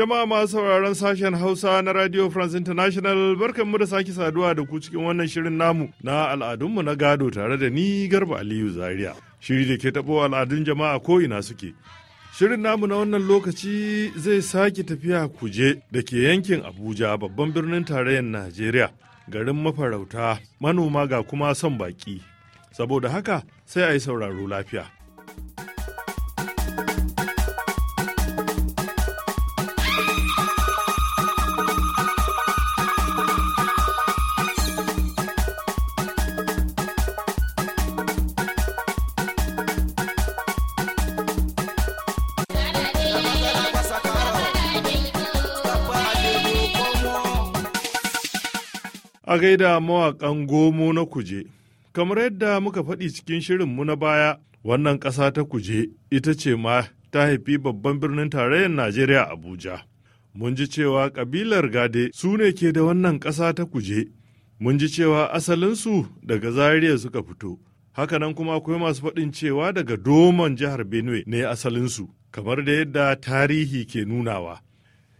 Jama'a masu sauraron sashen Hausa na Radio France International mu da sake saduwa da ku cikin wannan shirin namu na al'adunmu na gado tare da ni Garba Aliyu Zaria. Shiri da ke taɓo al'adun jama'a ko'ina suke. Shirin namu na wannan lokaci zai sake tafiya kuje da ke yankin Abuja babban birnin tarayyar Najeriya garin mafarauta manoma ga kuma son baki. Saboda haka sai a yi sauraro lafiya. a gaida mawaƙan gomo na kuje. Kamar yadda muka faɗi cikin shirinmu na baya, wannan ƙasa ta kuje ita ce ma ta haifi babban birnin tarayyar Najeriya Abuja. Mun ji cewa ƙabilar Gade su ne ke da wannan ƙasa ta kuje. Mun ji cewa asalinsu daga Zaria suka fito. Hakanan kuma akwai masu faɗin cewa daga Doman jihar Benue ne asalinsu, kamar da yadda tarihi ke nunawa.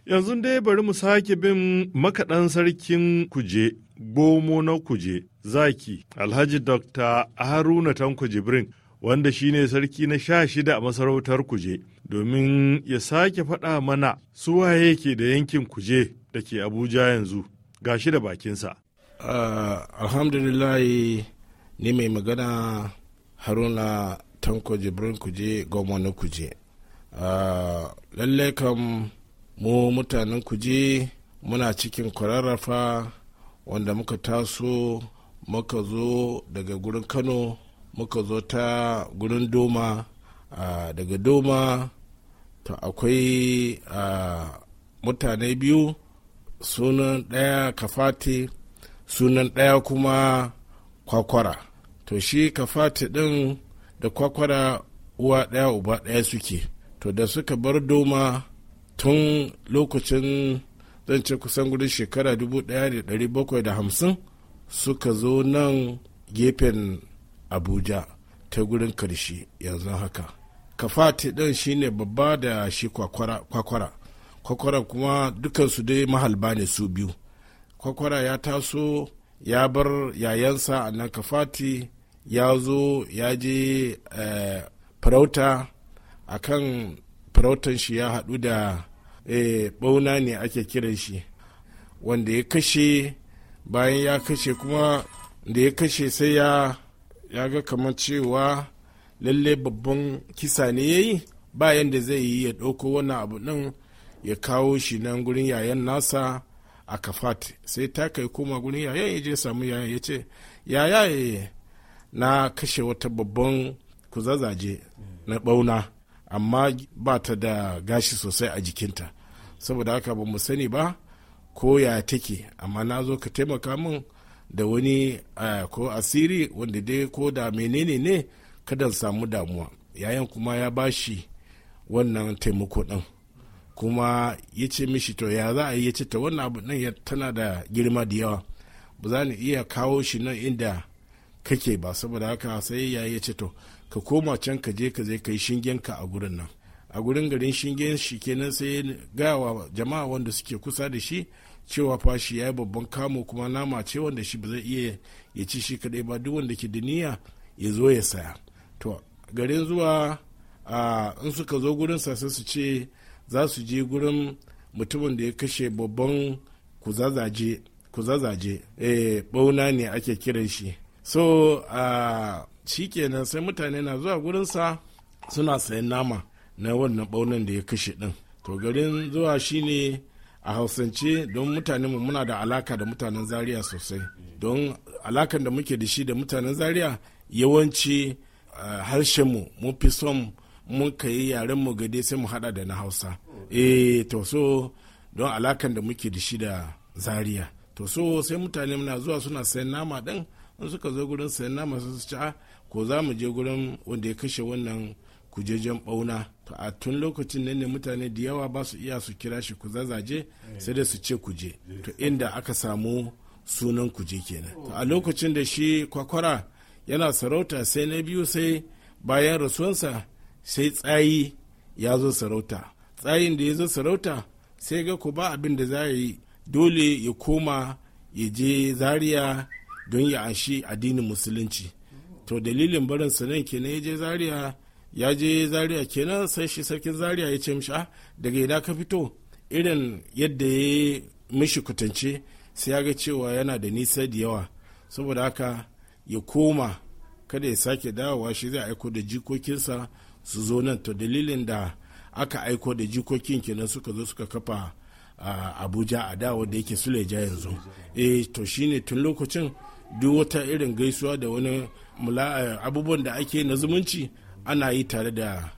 Yanzu dai bari mu sake bin makaɗan sarkin kuje, gomo na kuje, zaki, Alhaji Dr. Haruna Tanko Jibrin, wanda shine sarki na sha shida a masarautar kuje, domin ya sake faɗa mana su waye ke da yankin kuje da ke Abuja yanzu, ga shi da bakinsa. Ah, alhamdulillah alhamdulillahi ni mai magana Haruna Tanko Jibrin kuje, gomo na kuje. Uh, mu mutanen kuje muna cikin kwararrafa wanda muka taso muka zo daga gurin kano muka zo ta gurin doma daga doma to akwai mutane biyu sunan ɗaya kafati sunan ɗaya kuma kwakwara to shi kafati ɗin da kwakwara uwa ɗaya uba ɗaya suke to da suka bar doma tun lokacin zan kusan gudun shekara 1750 suka zo nan gefen abuja ta gurin karshe yanzu haka kafati ɗin shine babba da shi kwakwara kwakwara kuma dukansu dai mahalba ne su biyu kwakwara ya taso ya bar yayansa a nan kafati ya zo ya je eh, farauta a kan farautan shi ya haɗu da Eh, bauna ne ake kiran shi wanda ya kashe bayan ya kashe kuma da ya kashe sai ya ga kamar cewa lalle babban kisa ne ya yi bayan da zai yi ya ɗauko wani abu nan ya kawo shi nan gurin yayan nasa a kafat sai ta kai koma gurin yayan ya je samu yayan ya ce yaya eh, na kashe wata babban kuzazaje na ɓauna amma ba ta da gashi sosai a jikinta saboda haka ba mu sani ba ko ya take amma na zo ka taimaka min da wani ko asiri wanda dai ko da menene ne kada samu damuwa yayan kuma ya bashi wannan taimako ɗin kuma ya ce mishi to ya za a yi ya ce ta wannan abu nan tana da girma da yawa ba za ni iya kawo shi nan inda kake ba saboda haka sai ya ya ce to ka koma can ka je ka zai kai ka a gurin nan a gurin garin shingen shi kenan sai gawa jama'a wanda suke kusa da shi cewa fashi shi ya yi babban kamo kuma nama ce wanda shi ba zai iya ya ci shi kadai ba duk wanda ke da niyya ya zo ya saya to garin zuwa in suka zo gurin sa sai su ce za su je gurin mutumin da ya kashe babban kuzazaje kuzazaje eh bauna ne ake kiran shi so kenan sai mutane na zuwa gurinsa suna sayan nama na wannan baunan da ya kashe ɗin to garin zuwa shine a hausance don mutane mu muna da alaka da mutanen zaria sosai don alakan da muke da shi da mutanen zaria yawanci eh, harshen mu mu fi son mun ka yi yaren mu gade sai mu hada da na hausa eh to so don alakan da muke da shi da zaria to so sai mutane muna zuwa suna sayan nama din in suka zo gurin sayan nama su ci ah, ko za mu je gurin wanda ya kashe wannan kujejen bauna to a tun lokacin nan ne mutane da yawa ba su iya su kira shi kuzazaje sai da su ce kuje to inda aka samu sunan kuje kenan to a lokacin da shi kwakwara yana sarauta sai na biyu sai bayan rasuwansa sai tsayi ya zo sarauta tsayin da ya zo sarauta sai ga ku ba abin da za yi dole ya koma ya je zaria don ya anshi addinin musulunci to dalilin barin su nan kenan ya je zaria ya je zaria kenan sai shi sarkin zaria ya ce mishi a ah, daga ina ka fito irin yadda ya mishi kutance sai ya ga cewa yana da nisa da yawa saboda haka ya koma kada ya sake dawowa shi zai aiko da jikokinsa su zo nan to dalilin da aka aiko da jikokin kenan suka zo suka kafa ah, abuja a dawo da yake suleja yanzu e to shine tun lokacin duk wata irin gaisuwa da wani eh, abubuwan da ake na zumunci ana yi tare da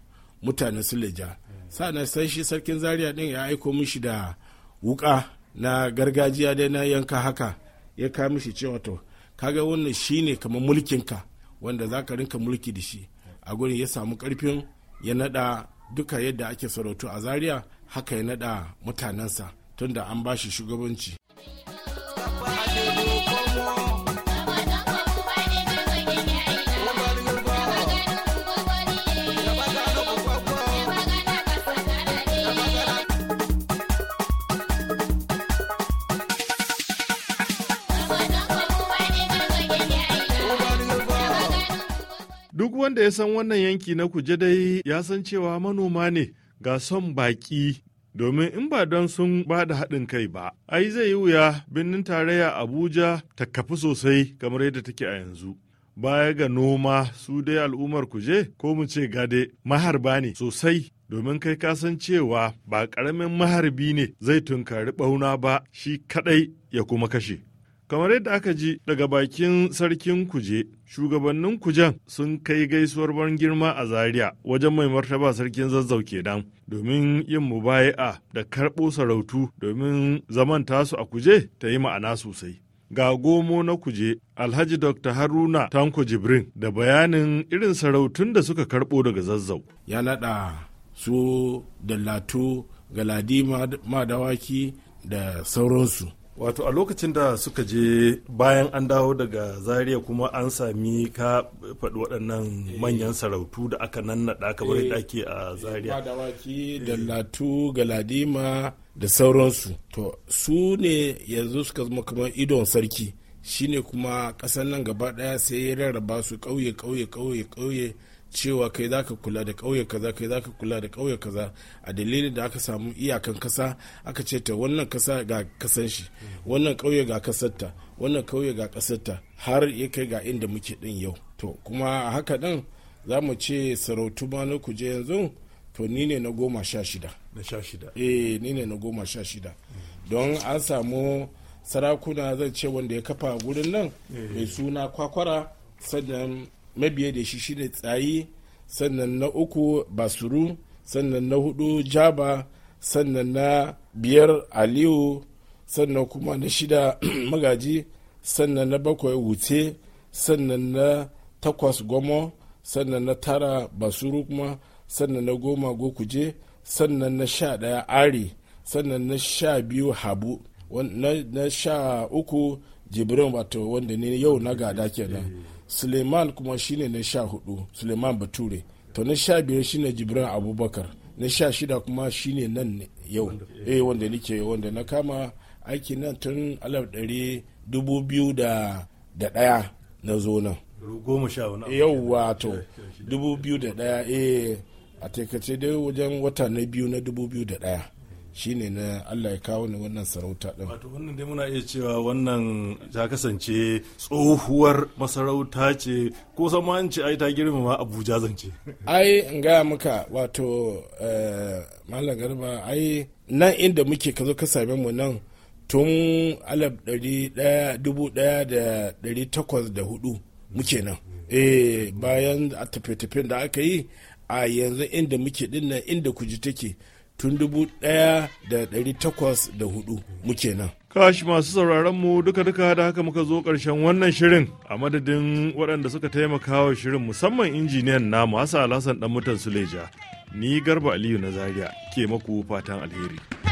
mutanen suleja sa sai shi sarkin zaria din ya aiko mishi da wuka na gargajiya da na yanka haka ya ka mishi cewa to kaga wannan shi shine kamar mulkinka wanda za ka rinka mulki da shi a gurin ya samu karfin ya nada duka yadda ake sarautu a zaria haka ya nada mutanensa tunda an ba shi shugabanci Duk wanda ya san wannan yanki na kuje dai ya san cewa manoma ne ga son baƙi domin in ba don sun ba da haɗin kai ba, ai zai yi wuya birnin tarayya Abuja ta kafi sosai kamar yadda take a yanzu. Baya ga noma su dai al'ummar kuje ko mu ce gade maharba ne sosai domin kai ka san cewa ba ƙaramin maharbi ne zai tunkari ɓauna ba shi kaɗai ya kuma kashe. kamar yadda aka ji daga bakin sarkin kuje shugabannin kujen sun kai gaisuwar ban girma a zaria wajen mai martaba sarkin zazzau kenan domin yin mubaya'a da karɓo sarautu domin zaman tasu a kuje ta yi ma'ana sosai ga gomo na kuje alhaji dr haruna tanko jibrin da bayanin irin sarautun da suka karɓo daga zazzau ya laɗa su da latu galadima madawaki da sauransu wato a lokacin da suka je bayan an dawo daga zaria kuma an sami ka faɗi waɗannan eh. manyan sarautu da aka nannaɗa kamar yadda eh. ake a eh, zaria dawaki dallatu galadima da sauransu to su ne yanzu suka zama kamar idon sarki shine kuma ƙasar nan gaba ɗaya sai ya rarraba su ƙauye ƙauye ƙauye ƙauye cewa kai za ka kula da ƙauye kaza kai za ka kula da ƙauye kaza a dalilin da aka samu iyakan kasa aka ce ta wannan kasa ga kasan shi wannan ƙauye ga kasarta wannan ƙauye ga kasarta har ya kai ga inda muke ɗin yau to kuma a haka ɗin za mu ce sarautu ma na kuje yanzu to ni ne na goma sha shida na sha shida eh ni ne na goma sha shida don an samu sarakuna zan ce wanda ya kafa gurin nan eh. mai suna kwakwara sannan mabiya da shi shine tsayi sannan na uku basuru sannan na hudu jaba sannan na biyar aliyu sannan kuma na shida magaji sannan na bakwai wuce sannan na takwas gomo sannan na tara basuru kuma sannan na goma gokuje sannan na sha daya ari sannan na sha biyu habu na sha uku jibrin wato wanda ne yau na gada kenan suleiman kuma shine na sha hudu suleiman bature to na sha biyar shine jibran abubakar na sha shida kuma shine nan yau eh wanda nike wanda na kama aiki nan tun alaf ɗari dubu biyu da ɗaya na zo nan yau wato dubu biyu da ɗaya eh a taikace dai wajen wata na biyu na dubu biyu da ɗaya shine na Allah ya kawo ni wannan sarauta din wato wannan dai muna iya cewa wannan ta kasance tsohuwar masarauta ce ko sama ce ai ta girmama Abuja zance ai in gaya muka wato eh, Malam Garba ai nan inda muke ka zo ka same mu nan tun ɗaya dubu ɗaya da ɗari takwas da hudu muke nan eh bayan a tafe-tafen da aka yi a yanzu inda muke dinnan inda kuji take tun dubu ɗaya da ɗari takwas 1804 muke nan. Kashi masu sauraron mu duka-duka da haka muka zo ƙarshen wannan shirin a madadin waɗanda suka taimaka wa shirin musamman injiniyan namu Hassan Alhassan ɗan mutan Suleja. Ni Garba Aliyu na Zariya, ke maku fatan alheri.